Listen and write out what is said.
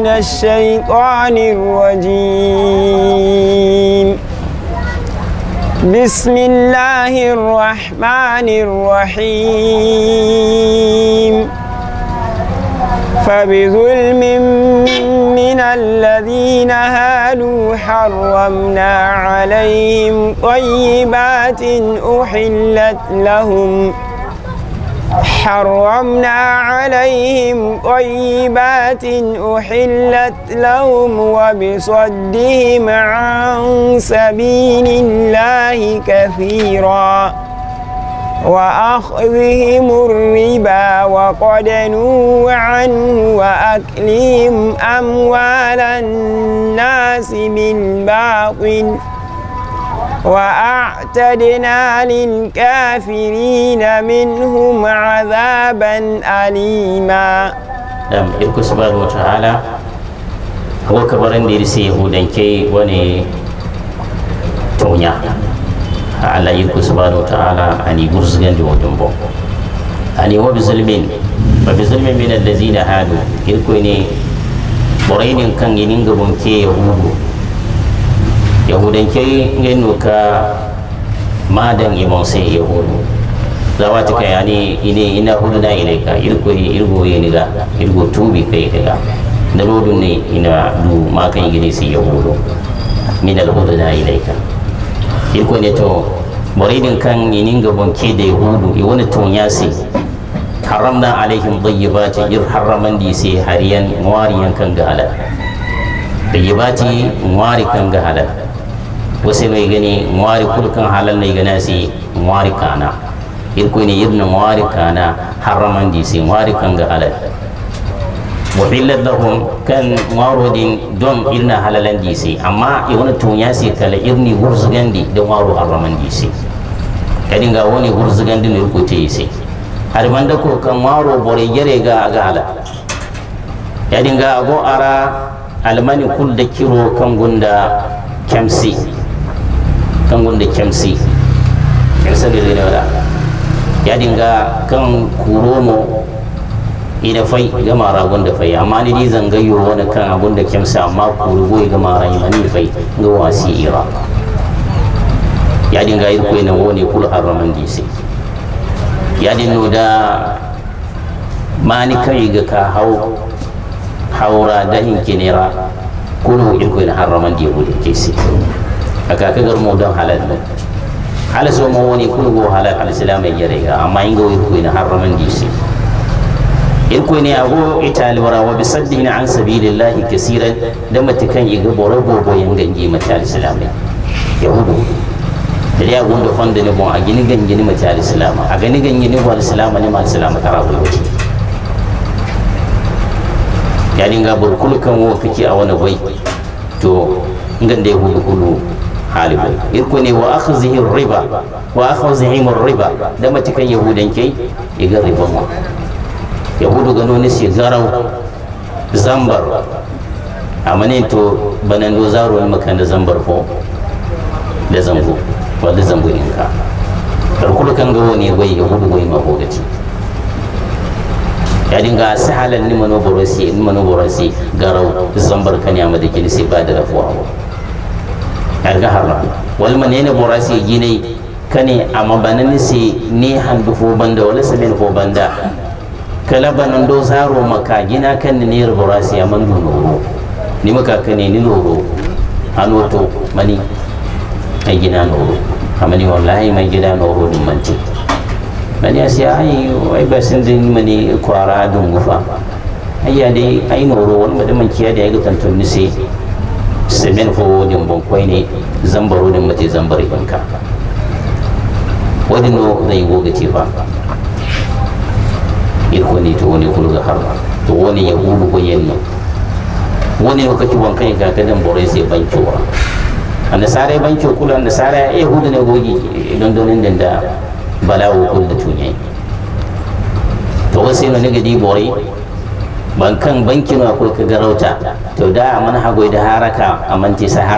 من الشيطان الرجيم بسم الله الرحمن الرحيم فبظلم من الذين هادوا حرمنا عليهم طيبات أحلت لهم حرمنا عليهم طيبات أحلت لهم وبصدهم عن سبيل الله كثيرا وأخذهم الربا وقد نووا عنه وأكلهم أموال الناس بالباطل وأعتدنا للكافرين منهم عذابا أليما نعم إلك سبحانه وتعالى هو كبرن ديرسي يهودان كي وني تونيا على إلك سبحانه وتعالى أن برزغن دي ودنبو أن هو بظلمين وبظلم من الذين هادوا إلكو إني برين كان ينين كي يهودو yahudan ke ngenu ka madan imam sai yahudu zawati kai yani ine ina hudu huduna ine ka irko irgo yene ga irgo tubi kai ga da rodu ne ina du ma kan gine sai yahudu min al huduna ine ka irko ne to muridin kan inin gabon ke da yahudu i wani ton ya sai haramna alaihim dayyibati ir haraman di sai hariyan ngwariyan kan ga halal dayyibati ngwari kan ga halal wasu mai gani mawari kulkan halal na yi gana sai mawari kana in ku ne yadda mawari kana haraman di sai mawari kan ga halal wa illat lahum kan mawarudin don irna halalan di sai amma ya wani tunya sai kala irni gurzugan di da mawaru haraman di sai kadin ga wani gurzugan di ne rukute yi sai har da ko kan mawaru bore gere ga ga halal ya dinga ara almani kul da kiro kan gunda kemsi kan wanda kemsi kemsa da zai da ya dinga kan kuromo ida fai gama ragon da fai amma ni zan gayyo wani kan abun da kemsa amma kurugo ya gama rayuwani fai ga wasi ira ya dinga yi kuwa na wani kul haraman disi ya dinno da mani kai ga ka hau haura da hinkinira kulu ikuwa na haraman di wuli sai. a gar mu don halal halal so mo woni kul go halal al islam ya yare ga amma ingo yi ko ina haraman disi in ko ne ago itali wara wa bisaddin an sabilillah kaseeran da matikan ga boro bobo yanganji mata al islam yahudu da ya gundo fonde ne bon a gini ganji ni mata al islam a gani ganji ni wal islam ne ma al islam tarabu ya dinga burkulu kan wo fiki a wani bai to ngande da yahudu halibun irko ne wa aka akhzihi riba wa akhzihim riba da matikan yahudan ke iga riba ma yahudu gano ne si garau zambar ne to banan do zaro ne makan da zambar ko da zambu wala zambo inka karkulu kan ga wani bai yahudu bai ma bogaci ya dinga sahalan ni mano borosi ni mano borosi garau zambar kan ya madaki ne sai ba da rafuwa agahara wal manene borasi Gine, kane amma banani se ne handu fo banda wala sabin fo banda kala banan do zaro maka gina kan ne ne borasi amman do no ni maka kane ni no noto mani ai gina no amani wallahi mai gida no ro dum manti mani asiya ai ai basin din mani kwara dum gufa ayya dai ai no ro wal madaman kiya da ya ga tantan ni sai semen fo din bon koyne zambaro din mate zambare banka wadin no dai goga ce ba irko ne to wani kulga har to wani ya gudu ko yanno wani ka ci wankan ya gata dan bore sai a an sare banke kula a sare ya hudu ne gogi don donin din da balawo kul da tunye to wasu ne ga di bore bankan bankin akwai ko ka garauta to da man hagoi da haraka a amante sahara